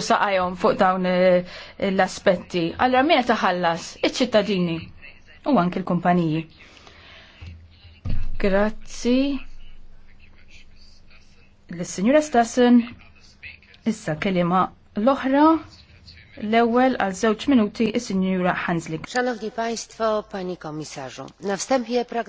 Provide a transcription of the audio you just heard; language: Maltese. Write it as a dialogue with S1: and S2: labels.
S1: saqajom fuq dawn eh, l-aspetti. Allora, mi taħallas? Iċ-ċittadini u anki l-kumpaniji. Grazzi. L-Signora Stassen, issa kelima l-oħra l-ewwel għal żewġ minuti is signora Hanslik. Szanowni Państwo,
S2: Pani Komisarzu, na wstępie pragnę